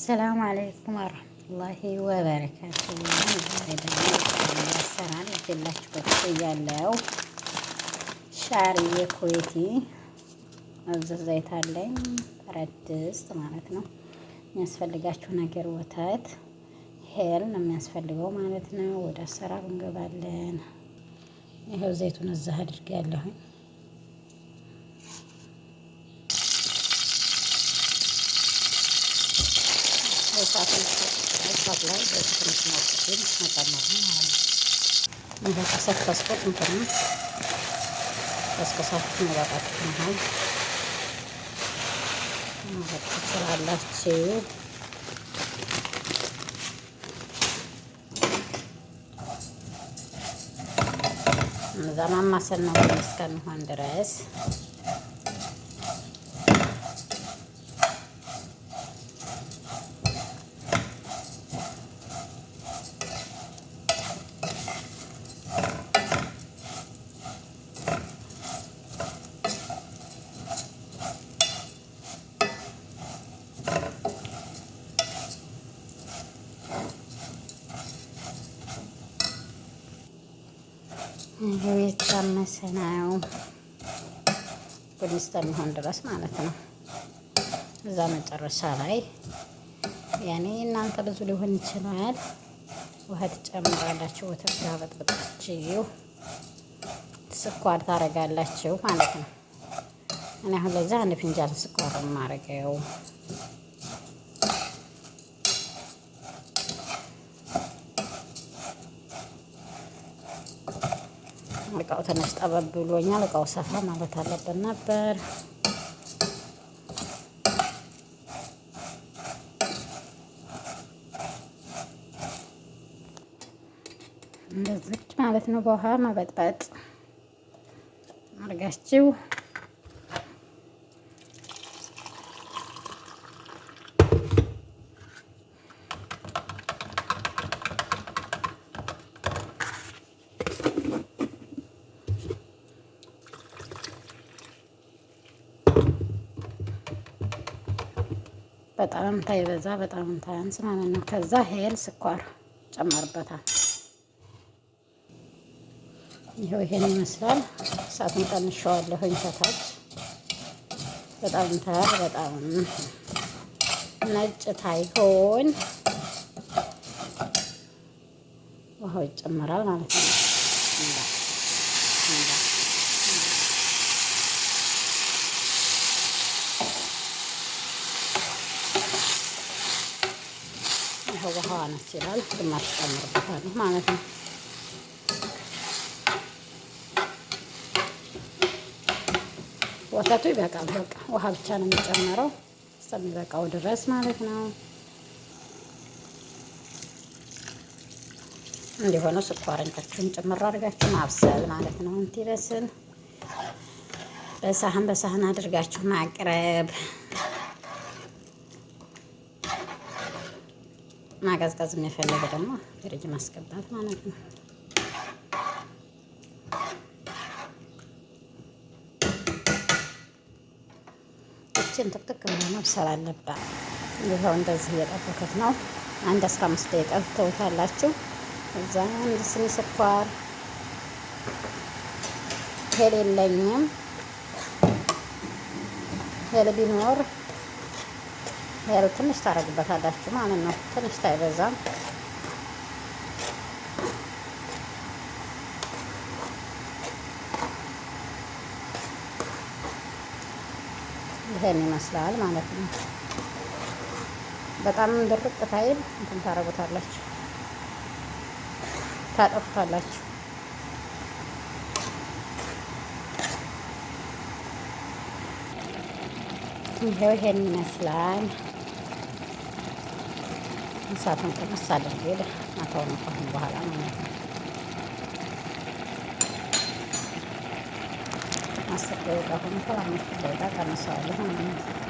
ሰላም አለይኩም ወረሕመቱላሂ ወበረካቱ። ዛሬ ደግሞ አሰራር ይዤላችሁ በቅያለሁ። ሻርዬ ኩዌቲ ዘይት አለኝ ረድስት ድስት ማለት ነው። የሚያስፈልጋችሁ ነገር ወተት፣ ሄል ነው የሚያስፈልገው ማለት ነው። ወደ አሰራሩ እንገባለን። ይኸው ዘይቱን እዚህ አድርጌያለሁኝ እሳት ላይ በትንሽ ማውጥቼ መጨመር ነው ማለት ነው። እንበሳት ከስኮት መባጣችሁ መሀል ማለት ትችላላችሁ። እዛ ማማሰል ነው እስከሚሆን ድረስ የተታመሰ ነው። ቡኒ እስከሚሆን ድረስ ማለት ነው። እዛ መጨረሻ ላይ ያኔ እናንተ ብዙ ሊሆን ይችላል። ውሃ ትጨምራላችሁ፣ ወተት ጋር ስኳር ታረጋላችሁ ማለት ነው። እኔ አሁን ለዛ አንድ ፊንጃል ስኳር ማረገው እቃው ትንሽ ጠበብ ብሎኛል። እቃው ሰፋ ማለት አለበት ነበር። እንደዚህ ማለት ነው። በውሃ መበጥበጥ አርጋችሁ በጣም ታይበዛ በጣም ታያንስ ማለት ነው። ከዛ ሄል ስኳር ጨመርበታል። ይኸው ይሄን ይመስላል። እሳቱን ቀንሸዋለሁኝ ከታች በጣም ታያል። በጣም ነጭ ታይሆን ውሃው ይጨመራል ማለት ነው። ይኸው ውሃ አነስ ይላል። ግማሽ ጨምርበታለሁ ማለት ነው። ወተቱ ይበቃል። በቃ ውሃ ብቻ ነው የሚጨመረው እስከሚበቃው ድረስ ማለት ነው። እንዲሆነ ስኳርንታችሁን ጭምር አድርጋችሁ ማብሰል ማለት ነው። እንዲበስል በሳህን በሳህን አድርጋችሁ ማቅረብ ማቀዝቀዝ የፈለገ ደግሞ ፍሪጅ ማስገባት ማለት ነው። እችን ጥቅጥቅ ብላ መብሰል አለባት። ይኸው እንደዚህ እየጠበኩት ነው። አንድ አስራ አምስት ደቂቃ ትተውታላችሁ። እዛ አንድ ስኒ ስኳር ሄል የለኝም ሄል ቢኖር ያው ትንሽ ታደርግበታላችሁ ማለት ነው። ትንሽ ታይበዛም። ይሄን ይመስላል ማለት ነው። በጣም ድርቅ ታይል እንትን ታደርጉታላችሁ፣ ታጠፉታላችሁ። ይሄው ይሄን ይመስላል። እሳቱን ቅንስ አድርጌ አታውን ካሁን በኋላ ማለት ነው። አስር ደቂቃ ሆኖታል። አምስት ደቂቃ ቀንሰዋለሁ ማለት ነው።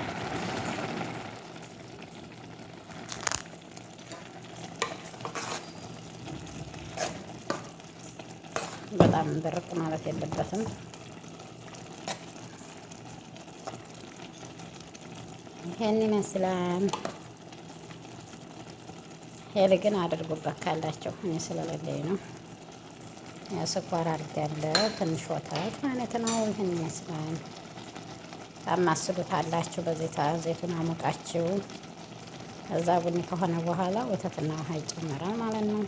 በጣም ድርቅ ማለት የለበትም። ይሄን ይመስላል። ሄል ግን አድርጉበት ካላቸው እኔ ስለሌለኝ ነው። ስኳር አድርጊያለሁ ትንሽ ወተት ማለት ነው። ይህን ይመስላል። ታማስሉት አላችሁ በዜታ ዘይቱን አሞቃችሁ እዛ ቡኒ ከሆነ በኋላ ወተትና ውሃ ይጨመራል ማለት ነው።